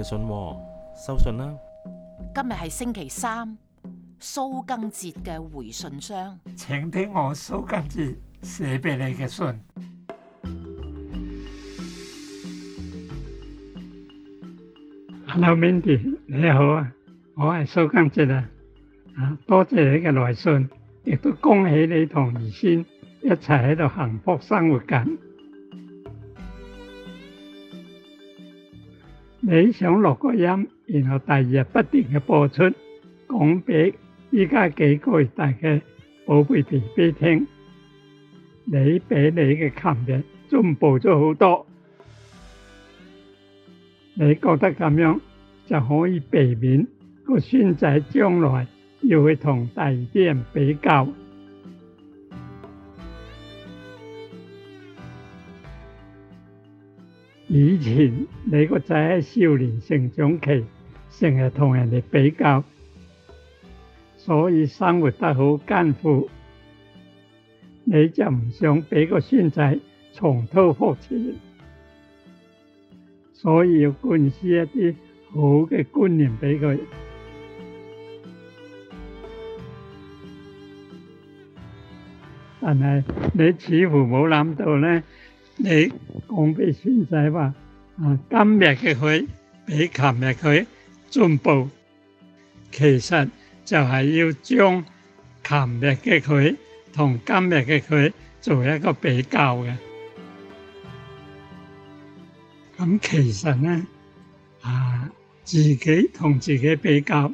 嘅信，收信啦！今日係星期三，蘇賡哲嘅回信箱，請聽我蘇賡哲寫俾你嘅信。Hello Mindy，你好啊，我係蘇賡哲啊，啊，多謝你嘅來信，亦都恭喜你同兒孫一齊喺度幸福生活緊。你想錄個音，然後第二日不斷嘅播出，講俾依家幾歲大嘅寶貝 BB 聽。你俾你嘅琴日進步咗好多，你覺得咁樣就可以避免個孫仔將來要去同第二啲人比較。以前你個仔喺少年成長期，成日同人哋比較，所以生活得好艱苦。你就唔想俾個孫仔重蹈覆轍，所以要灌輸一啲好嘅觀念俾佢。但係你似乎冇諗到咧。你講俾孫仔話，啊今日嘅佢比琴日佢進步，其實就係要將琴日嘅佢同今日嘅佢做一個比較嘅。咁其實咧，啊自己同自己比較，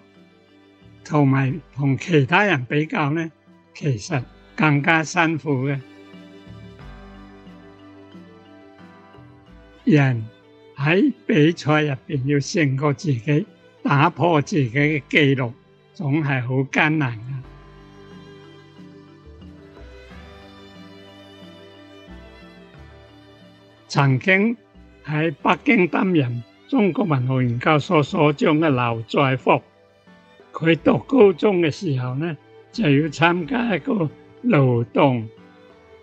同埋同其他人比較咧，其實更加辛苦嘅。人喺比賽入邊要勝過自己，打破自己嘅記錄，總係好艱難噶。曾經喺北京擔任中國文學研究所所長嘅劉再復，佢讀高中嘅時候呢，就要參加一個勞動。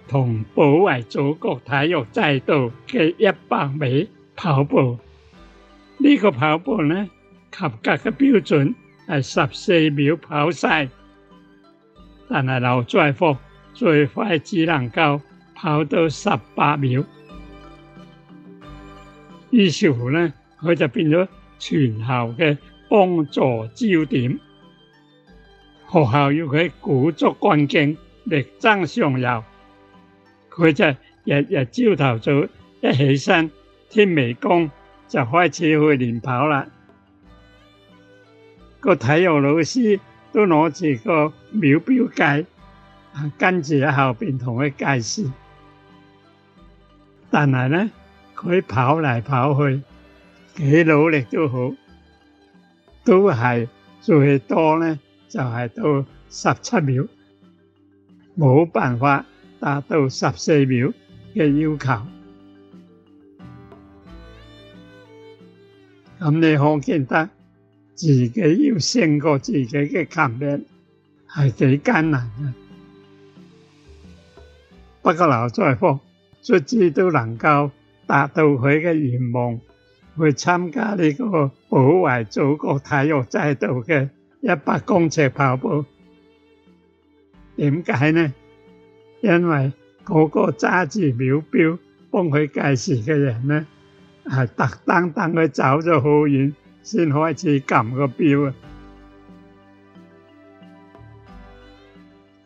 同保衛祖國，體育制度嘅一百米跑步。呢個跑步呢，合格嘅標準係十四秒跑晒，但係劉在福最快只能夠跑到十八秒。於是乎呢，佢就變咗全校嘅幫助焦點。學校要佢鼓足幹勁，力爭上游。佢就日日朝頭早一起身，天未光就開始去練跑啦。個體育老師都攞住個秒錶計，跟住喺後面同佢計時。但係咧，佢跑嚟跑去，幾努力都好，都係最多咧就係到十七秒，冇辦法。達到十四秒嘅要求，咁你可見得自己要勝過自己嘅極限，係幾艱難呀。不過劉在福卒之都能夠達到佢嘅願望，去參加呢個保衛祖國體育制度嘅一百公尺跑步，點解呢？因為嗰個揸住秒表幫佢計時嘅人呢，係特登等佢走咗好遠先開始撳個錶呀。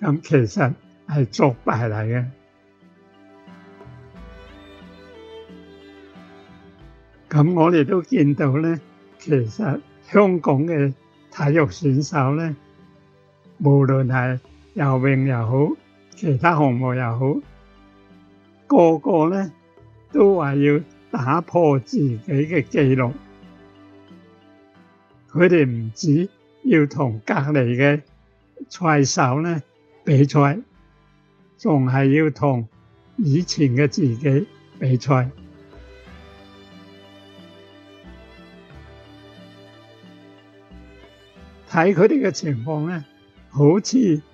噉其實係作弊嚟嘅。噉我哋都見到呢，其實香港嘅體育選手呢，無論係游泳又好，其他項目又好，個個呢都話要打破自己嘅紀錄。佢哋唔止要同隔離嘅賽手呢，比賽，仲係要同以前嘅自己比賽。睇佢哋嘅情況咧，好似～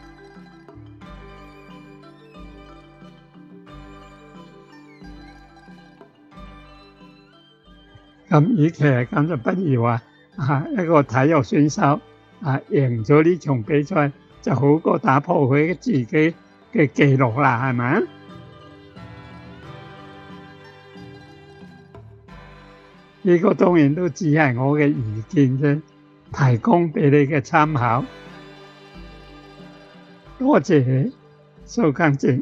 咁，與其係咁，就不如話啊一個體育選手啊贏咗呢場比賽，就好過打破佢自己嘅記錄啦，係咪啊？呢個當然都只係我嘅意見啫，提供俾你嘅參考。多謝蘇賡哲。